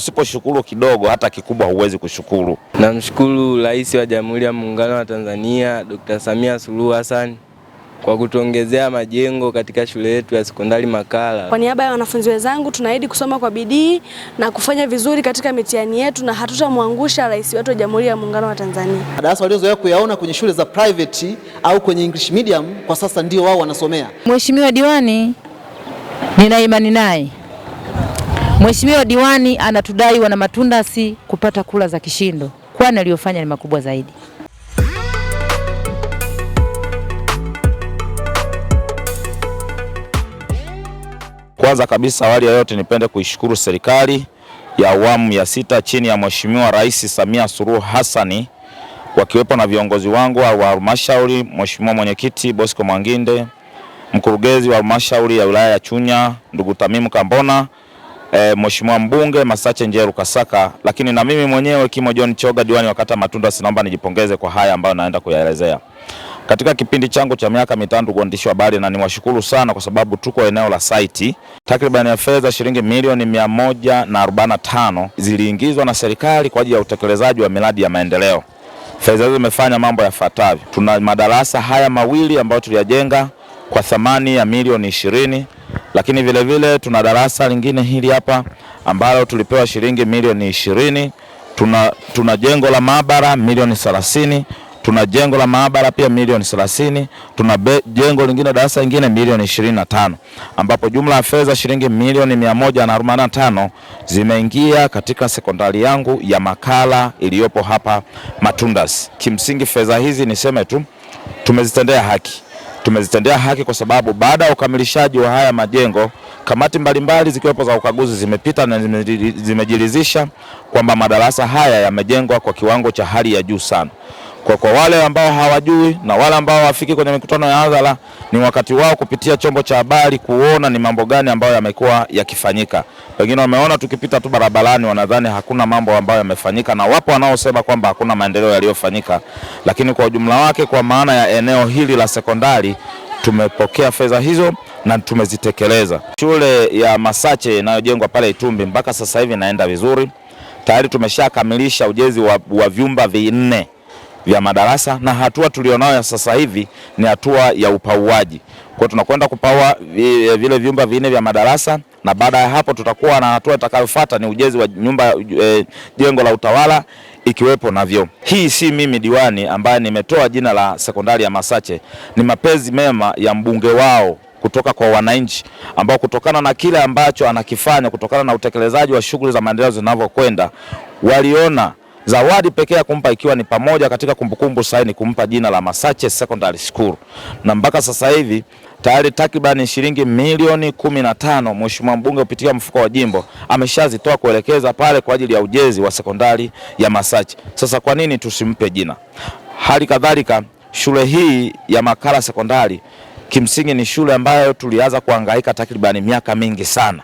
Usiposhukuru kidogo, hata kikubwa huwezi kushukuru. Namshukuru Rais wa Jamhuri ya Muungano wa Tanzania Dr. Samia Suluhu Hassan kwa kutuongezea majengo katika shule yetu ya sekondari Makala. Kwa niaba ya wanafunzi wenzangu, tunaahidi kusoma kwa bidii na kufanya vizuri katika mitihani yetu na hatutamwangusha rais wetu wa Jamhuri ya Muungano wa Tanzania. Madarasa waliozoea kuyaona kwenye shule za private au kwenye English medium kwa sasa ndio wao wanasomea. Mheshimiwa Diwani, nina imani naye Mheshimiwa diwani anatudai wana Matunda si kupata kula za kishindo, kwani aliyofanya ni makubwa zaidi. Kwanza kabisa, awali ya yote, nipende kuishukuru serikali ya awamu ya sita chini ya Mheshimiwa Rais Samia Suluhu Hassani wakiwepo na viongozi wangu wa halmashauri, Mheshimiwa mwenyekiti Bosco Mwanginde, mkurugenzi wa halmashauri ya wilaya ya Chunya ndugu Tamimu Kambona e, Mheshimiwa mbunge Masache Njeru Kasaka, lakini na mimi mwenyewe Kimo John Choga, diwani wa kata Matunda, sinaomba nijipongeze kwa haya ambayo naenda kuyaelezea katika kipindi changu cha miaka mitano, ndugu waandishi wa habari, na niwashukuru sana kwa sababu tuko eneo la saiti. Takriban ya fedha shilingi milioni tano ziliingizwa na serikali kwa ajili ya utekelezaji wa miradi ya maendeleo. Fedha hizo zimefanya mambo yafuatavyo: tuna madarasa haya mawili ambayo tuliyajenga kwa thamani ya milioni ishirini lakini vilevile vile, tuna darasa lingine hili hapa ambalo tulipewa shilingi milioni ishirini. Tuna, tuna jengo la maabara milioni thelathini tuna jengo la maabara pia milioni 30, tuna be, jengo lingine darasa lingine milioni tano ambapo jumla ya fedha shilingi milioni 145 zimeingia katika sekondari yangu ya Makala iliyopo hapa Matundas. Kimsingi fedha hizi niseme tu tumezitendea haki tumezitendea haki kwa sababu baada ya ukamilishaji wa haya majengo kamati mbalimbali zikiwepo za ukaguzi zimepita na zimejiridhisha kwamba madarasa haya yamejengwa kwa kiwango cha hali ya juu sana. Kwa, kwa wale ambao hawajui na wale ambao hawafiki kwenye mikutano ya hadhara, ni wakati wao kupitia chombo cha habari kuona ni mambo gani ambayo yamekuwa yakifanyika. Wengine wameona tukipita tu barabarani, wanadhani hakuna mambo ambayo yamefanyika, na wapo wanaosema kwamba hakuna maendeleo yaliyofanyika, lakini kwa ujumla wake, kwa maana ya eneo hili la sekondari, tumepokea fedha hizo na tumezitekeleza. Shule ya Masache inayojengwa pale Itumbi mpaka sasa hivi inaenda vizuri, tayari tumeshakamilisha ujenzi wa, wa vyumba vinne vya madarasa na hatua tulionayo ya sasa hivi ni hatua ya upauaji. Kwa tunakwenda kupaua vile vyumba vinne vya madarasa na baada ya hapo tutakuwa na hatua itakayofuata ni ujenzi wa nyumba e, jengo la utawala ikiwepo na vyoo. Hii si mimi diwani ambaye nimetoa jina la sekondari ya Masache, ni mapenzi mema ya mbunge wao kutoka kwa wananchi ambao kutokana na kile ambacho anakifanya, kutokana na utekelezaji wa shughuli za maendeleo zinavyokwenda, waliona Zawadi pekee ya kumpa ikiwa ni pamoja katika kumbukumbu sasa ni kumpa jina la Masache Secondary School, na mpaka sasa hivi tayari takribani shilingi milioni kumi na tano mheshimiwa mbunge kupitia mfuko wa jimbo ameshazitoa kuelekeza pale kwa ajili ya ujenzi wa sekondari ya Masache. Sasa kwa nini tusimpe jina? Hali kadhalika shule hii ya Makala Sekondari kimsingi ni shule ambayo tulianza kuangaika takribani miaka mingi sana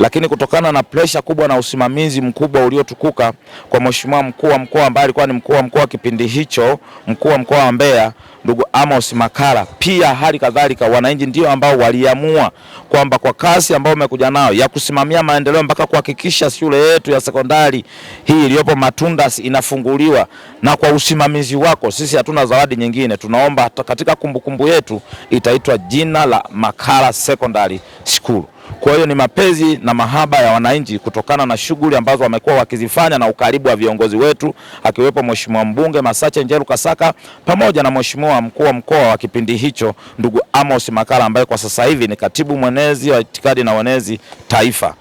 lakini kutokana na presha kubwa na usimamizi mkubwa uliotukuka kwa mheshimiwa mkuu wa mkoa ambaye alikuwa ni mkuu wa mkoa kipindi hicho, mkuu wa mkoa wa Mbeya ndugu Amos Makala, pia hali kadhalika wananchi ndio ambao waliamua kwamba kwa kasi ambayo umekuja nayo ya kusimamia maendeleo mpaka kuhakikisha shule yetu ya sekondari hii iliyopo Matundas inafunguliwa, na kwa usimamizi wako sisi hatuna zawadi nyingine, tunaomba katika kumbukumbu kumbu yetu itaitwa jina la Makala Secondary School. Kwa hiyo ni mapenzi na mahaba ya wananchi kutokana na shughuli ambazo wamekuwa wakizifanya na ukaribu wa viongozi wetu akiwepo Mheshimiwa mbunge Masache Njeru Kasaka pamoja na Mheshimiwa mkuu wa mkoa wa kipindi hicho ndugu Amos Makala ambaye kwa sasa hivi ni katibu mwenezi wa itikadi na wenezi taifa.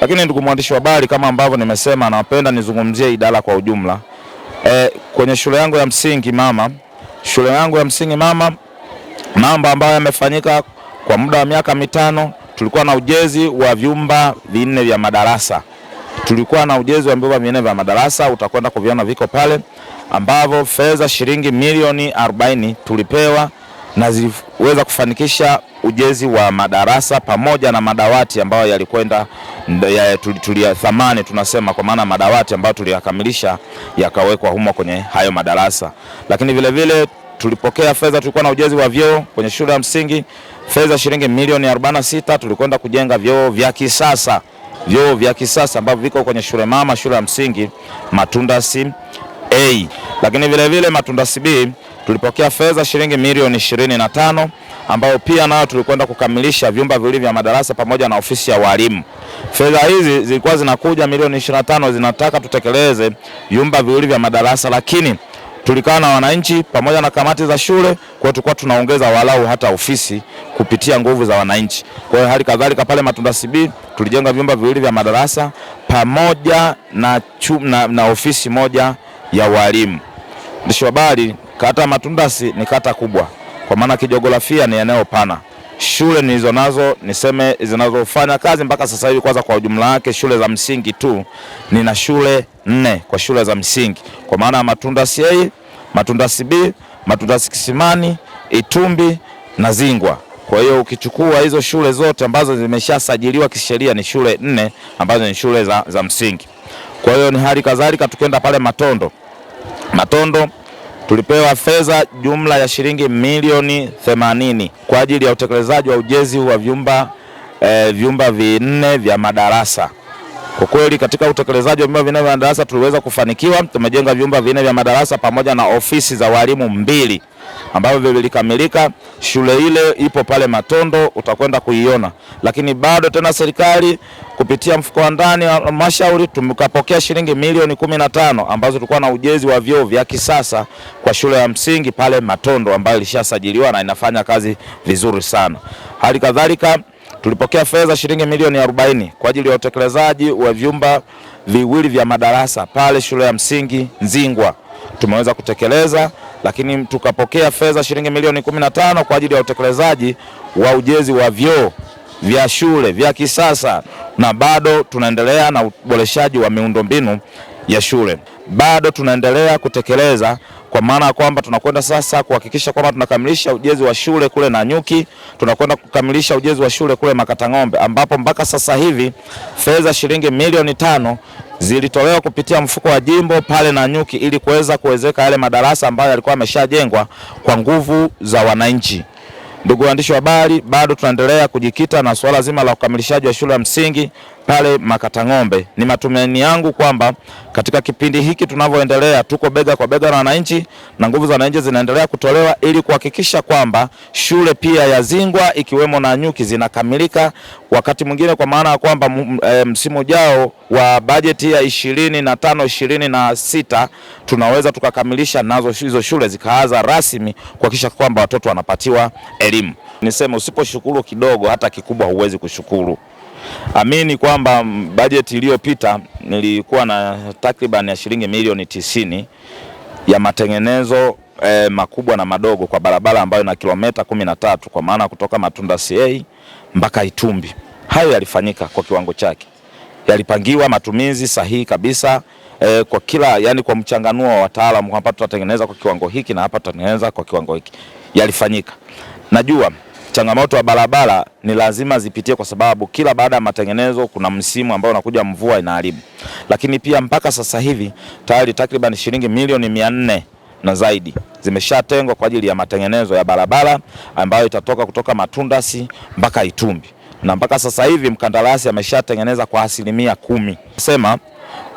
Lakini ndugu mwandishi wa habari, kama ambavyo nimesema, napenda nizungumzie idara kwa ujumla. E, kwenye shule yangu ya msingi mama, shule yangu ya msingi mama, mambo ambayo yamefanyika kwa muda wa miaka mitano tulikuwa na ujenzi wa vyumba vinne vya madarasa, tulikuwa na ujenzi wa vyumba vinne vya madarasa, utakwenda kuviona viko pale, ambavyo fedha shilingi milioni 40 tulipewa na ziliweza kufanikisha ujenzi wa madarasa pamoja na madawati ambayo yalikwenda ya thamani tunasema kwa maana madawati ambayo tuliyakamilisha yakawekwa humo kwenye hayo madarasa, lakini vilevile vile, tulipokea fedha, tulikuwa na ujenzi wa vyoo kwenye shule ya msingi, fedha shilingi milioni 46, tulikwenda kujenga vyoo vya kisasa, vyoo vya kisasa ambavyo viko kwenye shule mama, shule ya msingi si A. Lakini vilevile Matundasi B tulipokea fedha shilingi milioni 25 ambayo pia nayo tulikwenda kukamilisha vyumba viwili vya madarasa pamoja na ofisi ya walimu. Fedha hizi zilikuwa zinakuja milioni tano zinataka tutekeleze vyumba viwili vya madarasa, lakini tulikaa na wananchi pamoja na kamati za shule, kwa tulikuwa tunaongeza walau hata ofisi kupitia nguvu za wananchi. Kwa hiyo hali kadhalika pale Matunda CB tulijenga vyumba viwili vya madarasa pamoja na, chum, na, na ofisi moja ya walimu. Ndio habari, kata Matundasi ni kata kubwa, kwa maana kijiografia ni eneo pana shule nilizo nazo niseme zinazofanya kazi mpaka sasa hivi, kwanza kwa ujumla wake shule za msingi tu nina shule nne kwa shule za msingi kwa maana ya matunda ca matunda CB, matunda Kisimani, Itumbi na Zingwa. Kwa hiyo ukichukua hizo shule zote ambazo zimeshasajiliwa kisheria ni shule nne ambazo ni shule za, za msingi. Kwa hiyo ni hali kadhalika, tukienda pale Matondo Matondo tulipewa fedha jumla ya shilingi milioni 80 kwa ajili ya utekelezaji wa ujenzi wa vyumba e, vyumba vinne vya madarasa. Kwa kweli katika utekelezaji wa vyumba vinne vya madarasa tuliweza kufanikiwa, tumejenga vyumba vinne vya madarasa pamoja na ofisi za walimu mbili ambavyo vilikamilika. Shule ile ipo pale Matondo, utakwenda kuiona. Lakini bado tena serikali kupitia mfuko wa ndani wa halmashauri tumekapokea shilingi milioni kumi na tano ambazo tulikuwa na ujenzi wa vyoo vya kisasa kwa shule ya msingi pale Matondo ambayo ilishasajiliwa na inafanya kazi vizuri sana. Hali kadhalika tulipokea fedha shilingi milioni 40 kwa ajili ya utekelezaji wa vyumba viwili vya madarasa pale shule ya msingi Nzingwa, tumeweza kutekeleza lakini tukapokea fedha shilingi milioni 15 kwa ajili ya utekelezaji wa ujenzi wa vyoo vya shule vya kisasa, na bado tunaendelea na uboreshaji wa miundombinu ya shule. Bado tunaendelea kutekeleza kwa maana ya kwamba tunakwenda sasa kuhakikisha kwamba tunakamilisha ujenzi wa shule kule Nanyuki, tunakwenda kukamilisha ujenzi wa shule kule Makatang'ombe, ambapo mpaka sasa hivi fedha shilingi milioni tano zilitolewa kupitia mfuko wa jimbo pale Nanyuki ili kuweza kuwezeka yale madarasa ambayo yalikuwa yameshajengwa kwa nguvu za wananchi. Ndugu waandishi wa habari, bado tunaendelea kujikita na suala zima la ukamilishaji wa shule ya msingi pale Makatang'ombe. Ni matumaini yangu kwamba katika kipindi hiki tunavyoendelea, tuko bega kwa bega na wananchi na nguvu za wananchi zinaendelea kutolewa ili kuhakikisha kwamba shule pia ya Zingwa ikiwemo na Nyuki zinakamilika wakati mwingine, kwa maana ya kwamba eh, msimu ujao wa bajeti ya ishirini na tano ishirini na sita tunaweza tukakamilisha nazo hizo shule zikaanza rasmi kuhakikisha kwamba watoto wanapatiwa elimu. Niseme usiposhukuru kidogo, hata kikubwa huwezi kushukuru amini kwamba bajeti iliyopita nilikuwa na takriban ya shilingi milioni tisini ya matengenezo eh, makubwa na madogo kwa barabara ambayo na kilometa kumi na tatu kwa maana kutoka Matunda CA mpaka Itumbi. Hayo yalifanyika kwa kiwango chake, yalipangiwa matumizi sahihi kabisa eh, kwa kila yani, kwa mchanganuo wa wataalamu, hapa tutatengeneza kwa kiwango hiki na hapa tutatengeneza kwa kiwango hiki, yalifanyika najua changamoto ya barabara ni lazima zipitie, kwa sababu kila baada ya matengenezo kuna msimu ambao unakuja, mvua inaharibu. Lakini pia mpaka sasa hivi tayari takriban shilingi milioni mia nne na zaidi zimeshatengwa kwa ajili ya matengenezo ya barabara ambayo itatoka kutoka Matundasi mpaka Itumbi, na mpaka sasa hivi mkandarasi ameshatengeneza kwa asilimia kumi. Sema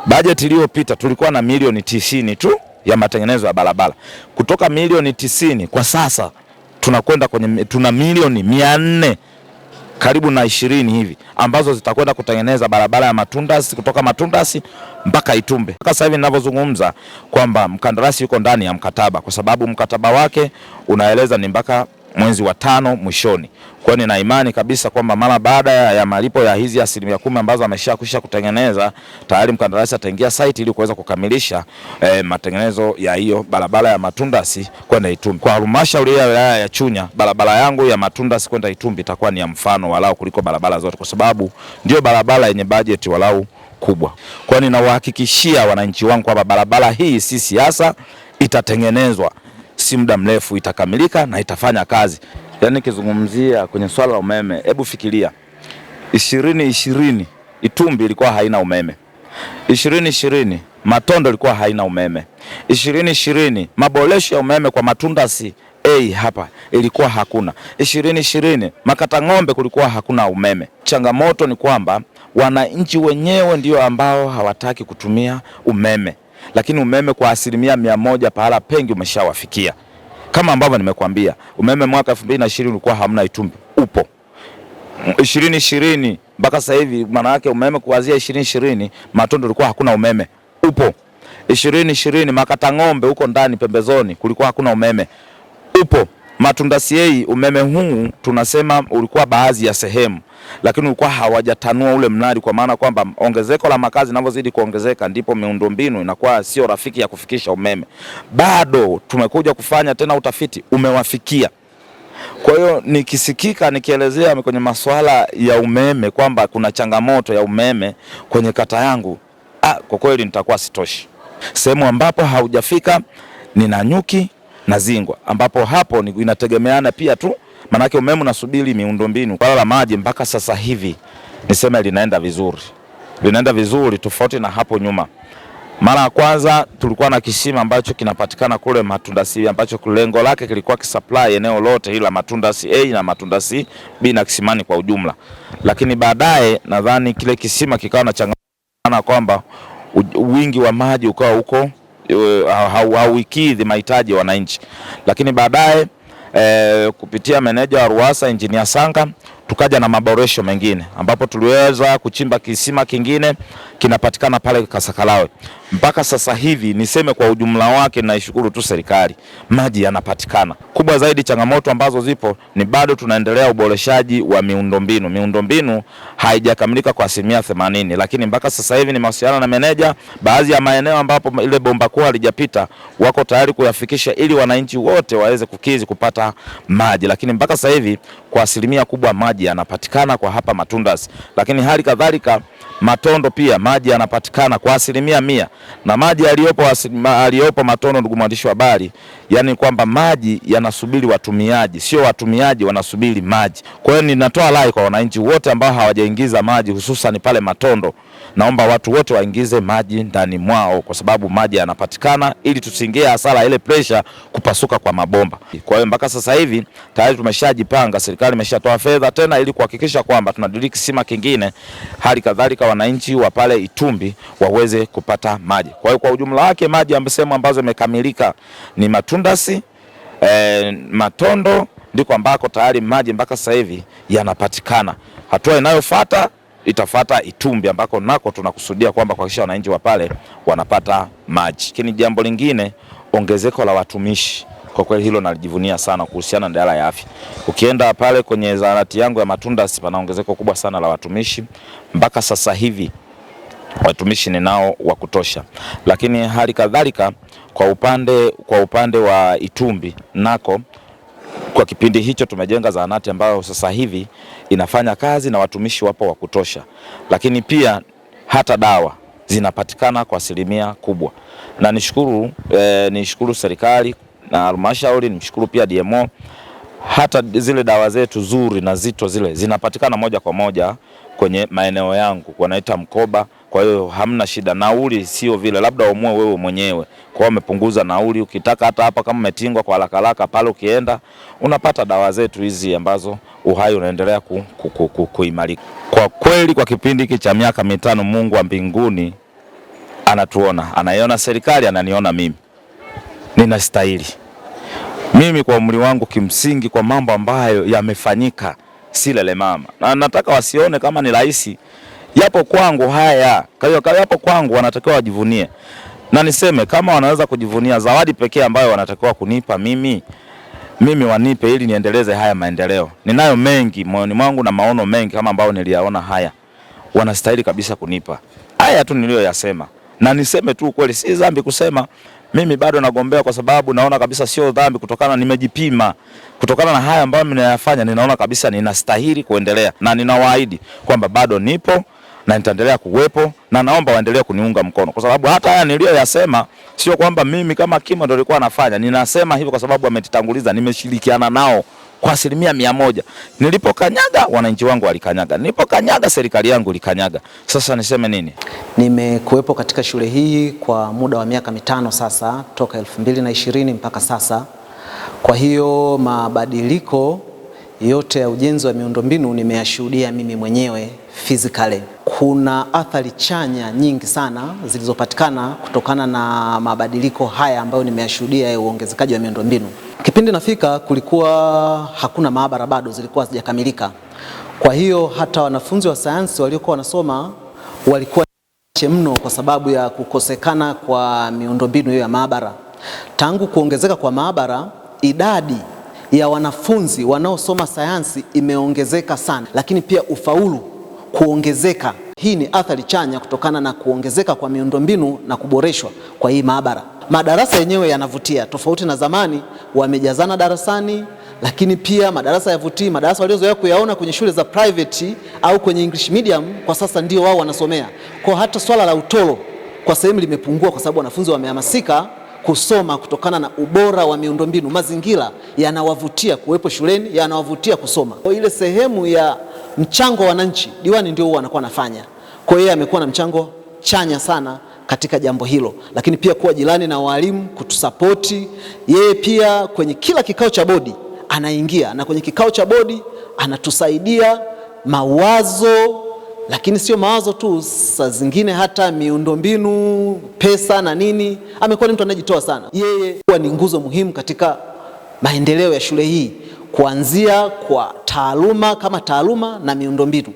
bajeti iliyopita tulikuwa na milioni tisini tu ya matengenezo ya barabara kutoka milioni tisini kwa sasa tunakwenda kwenye tuna milioni mia nne karibu na ishirini hivi ambazo zitakwenda kutengeneza barabara ya Matundasi kutoka Matundasi mpaka Itumbe. Mpaka sasa hivi ninavyozungumza kwamba mkandarasi yuko ndani ya mkataba, kwa sababu mkataba wake unaeleza ni mpaka mwezi wa tano mwishoni. Kwa hiyo nina imani kabisa kwamba mara baada ya malipo ya hizi asilimia kumi ambazo amesha kusha kutengeneza tayari, mkandarasi ataingia site ili kuweza kukamilisha eh, matengenezo ya hiyo barabara ya Matundasi kwenda Itumbi. Kwa halmashauri ya wilaya ya Chunya, barabara yangu ya Matundasi kwenda Itumbi itakuwa ni ya mfano walau kuliko barabara zote, kwa sababu ndio barabara yenye bajeti walau kubwa. Kwa hiyo ninawahakikishia wananchi wangu kwamba barabara hii si siasa, itatengenezwa si muda mrefu itakamilika na itafanya kazi. Yaani kizungumzia kwenye swala la umeme, hebu fikiria ishirini ishirini Itumbi ilikuwa haina umeme, ishirini ishirini Matondo ilikuwa haina umeme, ishirini ishirini maboresho ya umeme kwa si Hey, hapa ilikuwa hakuna ishirini ishirini makata ng'ombe kulikuwa hakuna umeme. Changamoto ni kwamba wananchi wenyewe ndio ambao hawataki kutumia umeme lakini umeme kwa asilimia mia moja pahala pengi umeshawafikia. Kama ambavyo nimekuambia, umeme mwaka 2020 ulikuwa hamna Itumbi, upo 2020 mpaka sasa hivi. Maana yake umeme kuanzia 2020 Matondo ulikuwa hakuna umeme, upo 2020. Makata ng'ombe huko ndani pembezoni kulikuwa hakuna umeme, upo Matunda CA umeme huu tunasema ulikuwa baadhi ya sehemu, lakini ulikuwa hawajatanua ule mradi kwa maana kwamba ongezeko la makazi linavyozidi kuongezeka ndipo miundombinu inakuwa sio rafiki ya kufikisha umeme. Bado tumekuja kufanya tena utafiti umewafikia. Kwa hiyo nikisikika nikielezea kwenye masuala ya umeme kwamba kuna changamoto ya umeme kwenye kata yangu, ah, kwa kweli nitakuwa sitoshi. Sehemu ambapo haujafika, nina nyuki na Zingwa, ambapo hapo ni inategemeana pia tu, maanake umeme unasubiri miundombinu. Swala la maji mpaka sasa hivi niseme linaenda vizuri, linaenda vizuri tofauti na hapo nyuma. Mara ya kwanza tulikuwa na kisima ambacho kinapatikana kule Matunda C ambacho lengo lake kilikuwa kisupply eneo lote hili la Matunda C A na Matunda C B na kisimani kwa ujumla, lakini baadaye nadhani kile kisima kikawa na changamoto kwamba wingi wa maji ukawa huko Eh, hauikidhi mahitaji ya wananchi, lakini baadaye eh, kupitia meneja wa RUWASA Engineer Sanga tukaja na maboresho mengine ambapo tuliweza kuchimba kisima kingine kinapatikana pale Kasakalawe. Mpaka sasa hivi niseme kwa ujumla wake, naishukuru tu serikali, maji yanapatikana. Kubwa zaidi changamoto ambazo zipo ni bado tunaendelea uboreshaji wa miundombinu. Miundombinu haijakamilika kwa asilimia themanini, lakini mpaka sasa hivi ni mawasiliano na meneja, baadhi ya maeneo ambapo ile bomba kuu halijapita wako tayari kuyafikisha ili wananchi wote waweze kukizi kupata maji, lakini mpaka sasa hivi kwa asilimia kubwa maji yanapatikana kwa hapa Matundasi, lakini hali kadhalika Matondo pia maji yanapatikana kwa asilimia mia na maji aliyopo aliyopo Matondo, ndugu mwandishi wa habari, yani kwamba maji yanasubiri watumiaji, sio watumiaji wanasubiri maji. Kwa hiyo ninatoa rai kwa wananchi wote ambao hawajaingiza maji hususan pale Matondo naomba watu wote waingize maji ndani mwao, kwa sababu maji yanapatikana ili tusiingie hasara ile pressure kupasuka kwa mabomba. Kwa hiyo mpaka sasa hivi tayari tumeshajipanga, serikali imeshatoa fedha tena ili kuhakikisha kwamba tunadiriki kisima kingine, hali kadhalika wananchi wa pale Itumbi waweze kupata maji. Kwa hiyo kwa ujumla wake maji sehemu ambazo imekamilika ni Matundasi eh, Matondo ndiko ambako tayari maji mpaka sasa hivi yanapatikana. Hatua inayofuata itafata Itumbi ambako nako tunakusudia kwamba kuhakikisha wananchi wa pale wanapata maji. Lakini jambo lingine, ongezeko la watumishi kwa kweli hilo nalijivunia sana kuhusiana na idara ya afya. Ukienda pale kwenye zahanati yangu ya Matundasi pana ongezeko kubwa sana la watumishi, mpaka sasa hivi watumishi ninao wa kutosha, lakini hali kadhalika kwa upande, kwa upande wa Itumbi nako kwa kipindi hicho tumejenga zahanati ambayo sasa hivi inafanya kazi na watumishi wapo wa kutosha, lakini pia hata dawa zinapatikana kwa asilimia kubwa, na nishukuru eh, nishukuru serikali na halmashauri, nimshukuru pia DMO hata zile dawa zetu zuri na zito zile zinapatikana moja kwa moja kwenye maeneo yangu, wanaita mkoba kwa hiyo hamna shida, nauli sio vile, labda umue wewe mwenyewe. Kwa hiyo nauli, ukitaka hata hapa kama umetingwa kwa haraka haraka, pale ukienda unapata dawa zetu hizi ambazo uhai unaendelea ku, ku, ku, ku, kwa kweli. Kwa kipindi hiki cha miaka mitano, Mungu wa mbinguni anatuona, anaiona serikali, ananiona mimi, ninastahili mimi kwa umri wangu, kimsingi kwa mambo ambayo yamefanyika, si lele mama, na nataka wasione kama ni rahisi yapo kwangu haya. Kwa hiyo kama yapo kwangu, wanatakiwa wajivunie, na niseme kama wanaweza kujivunia zawadi pekee ambayo wanatakiwa kunipa mimi mimi wanipe ili niendeleze haya maendeleo. Ninayo mengi moyoni mwangu na maono mengi kama ambayo niliyaona haya. Wanastahili kabisa kunipa. Haya tu niliyoyasema. Na niseme tu kweli si dhambi kusema mimi bado nagombea kwa sababu naona kabisa sio dhambi kutokana nimejipima. Kutokana na haya ambayo ninayafanya ninaona kabisa ninastahili kuendelea na ninawaahidi kwamba bado nipo na nitaendelea kuwepo na naomba waendelee kuniunga mkono, kwa sababu hata haya niliyoyasema sio kwamba mimi kama Kimo ndo nilikuwa nafanya. Ninasema hivyo kwa sababu wametitanguliza, nimeshirikiana nao kwa asilimia mia moja. Nilipokanyaga wananchi wangu walikanyaga, nilipokanyaga serikali yangu ilikanyaga. Sasa niseme nini? Nimekuwepo katika shule hii kwa muda wa miaka mitano sasa, toka elfu mbili na ishirini mpaka sasa. Kwa hiyo mabadiliko yote ya ujenzi wa miundombinu nimeyashuhudia mimi mwenyewe physically. Kuna athari chanya nyingi sana zilizopatikana kutokana na mabadiliko haya ambayo nimeyashuhudia ya uongezekaji wa miundombinu. Kipindi nafika kulikuwa hakuna maabara bado, zilikuwa hazijakamilika. Kwa hiyo hata wanafunzi wa sayansi waliokuwa wanasoma walikuwa mno kwa sababu ya kukosekana kwa miundombinu hiyo ya maabara. Tangu kuongezeka kwa maabara, idadi ya wanafunzi wanaosoma sayansi imeongezeka sana, lakini pia ufaulu kuongezeka. Hii ni athari chanya kutokana na kuongezeka kwa miundombinu na kuboreshwa kwa hii maabara. Madarasa yenyewe yanavutia, tofauti na zamani, wamejazana darasani, lakini pia madarasa yavutii. Madarasa waliozoea kuyaona kwenye shule za private au kwenye English medium, kwa sasa ndio wao wanasomea. Kwa hata swala la utoro kwa sehemu limepungua, kwa sababu wanafunzi wamehamasika kusoma kutokana na ubora wa miundombinu. Mazingira yanawavutia kuwepo shuleni, yanawavutia kusoma. Kwa ile sehemu ya mchango wa wananchi, diwani ndio wanakuwa anakuwa anafanya. Kwa hiyo yeye amekuwa na mchango chanya sana katika jambo hilo, lakini pia kuwa jirani na walimu, kutusapoti yeye pia kwenye kila kikao cha bodi anaingia, na kwenye kikao cha bodi anatusaidia mawazo, lakini sio mawazo tu, saa zingine hata miundombinu, pesa na nini. Amekuwa ni mtu anajitoa sana, yeye huwa ni nguzo muhimu katika maendeleo ya shule hii kuanzia kwa taaluma kama taaluma na miundombinu.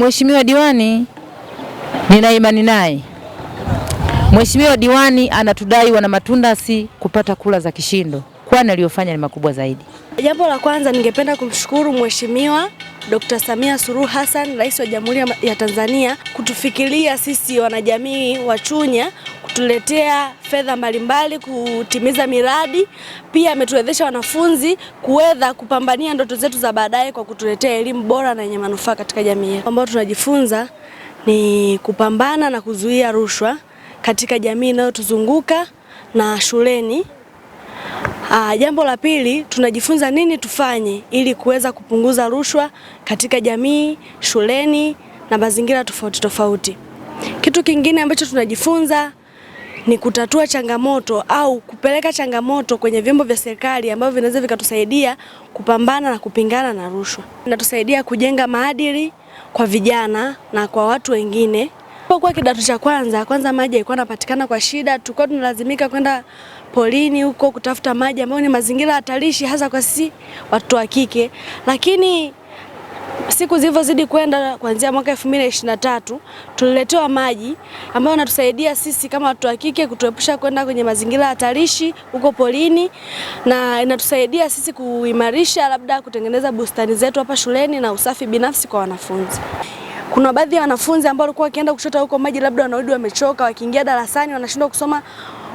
Mheshimiwa diwani nina imani naye. Mheshimiwa diwani anatudai wana Matundasi kupata kula za kishindo, kwani aliyofanya ni makubwa zaidi. Jambo la kwanza, ningependa kumshukuru Mheshimiwa Dr. Samia Suluhu Hassan, Rais wa Jamhuri ya Tanzania, kutufikiria sisi wanajamii wa Chunya kutuletea fedha mbalimbali kutimiza miradi. Pia ametuwezesha wanafunzi kuweza kupambania ndoto zetu za baadaye kwa kutuletea elimu bora na yenye manufaa katika jamii yetu. Ambao tunajifunza ni kupambana na kuzuia rushwa katika jamii inayotuzunguka na shuleni. Aa, ah, jambo la pili tunajifunza nini tufanye ili kuweza kupunguza rushwa katika jamii, shuleni na mazingira tofauti tofauti. Kitu kingine ambacho tunajifunza ni kutatua changamoto au kupeleka changamoto kwenye vyombo vya serikali ambavyo vinaweza vikatusaidia kupambana na kupingana na rushwa. Inatusaidia kujenga maadili kwa vijana na kwa watu wengine. Kwa kidato cha kwanza, kwanza maji yalikuwa yanapatikana kwa shida, tulikuwa tunalazimika kwenda polini huko kutafuta maji ambayo ni mazingira hatarishi hasa kwa sisi watoto wa kike, lakini siku zilivyozidi kwenda kuanzia mwaka 2023 tuliletewa maji ambayo yanatusaidia sisi kama watu wa kike kutuepusha kwenda kwenye mazingira hatarishi huko polini, na inatusaidia sisi kuimarisha labda kutengeneza bustani zetu hapa shuleni na usafi binafsi kwa wanafunzi. Kuna baadhi ya wanafunzi ambao walikuwa wakienda kuchota huko maji, labda wanarudi wamechoka, wakiingia darasani wanashindwa kusoma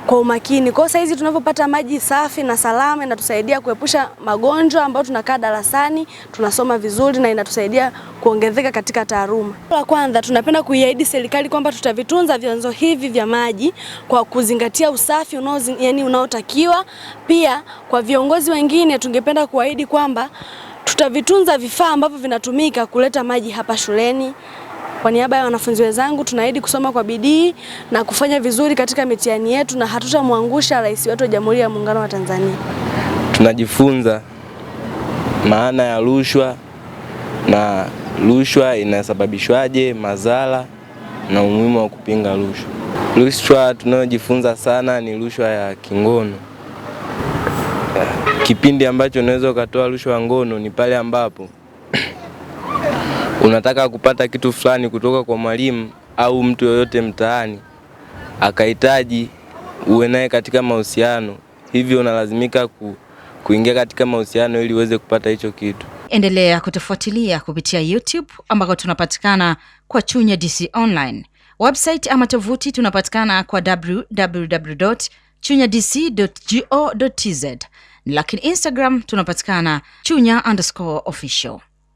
kwa umakini. Kwa saizi tunavyopata maji safi na salama inatusaidia kuepusha magonjwa ambayo tunakaa darasani tunasoma vizuri na inatusaidia kuongezeka katika taaluma. La kwanza tunapenda kuiahidi serikali kwamba tutavitunza vyanzo hivi vya maji kwa kuzingatia usafi unao yani unaotakiwa. Pia kwa viongozi wengine tungependa kuahidi kwamba tutavitunza vifaa ambavyo vinatumika kuleta maji hapa shuleni. Kwa niaba ya wanafunzi wenzangu, tunaahidi kusoma kwa bidii na kufanya vizuri katika mitihani yetu na hatutamwangusha rais wetu wa Jamhuri ya Muungano wa Tanzania. Tunajifunza maana ya rushwa na rushwa inasababishwaje, madhara na umuhimu wa kupinga rushwa. Rushwa tunayojifunza sana ni rushwa ya kingono. Kipindi ambacho unaweza ukatoa rushwa ngono ni pale ambapo unataka kupata kitu fulani kutoka kwa mwalimu au mtu yoyote mtaani, akahitaji uwe naye katika mahusiano, hivyo unalazimika ku, kuingia katika mahusiano ili uweze kupata hicho kitu. Endelea kutufuatilia kupitia YouTube ambako tunapatikana kwa Chunya DC Online. Website ama tovuti tunapatikana kwa www chunya dc go tz, lakini Instagram tunapatikana chunya underscore official.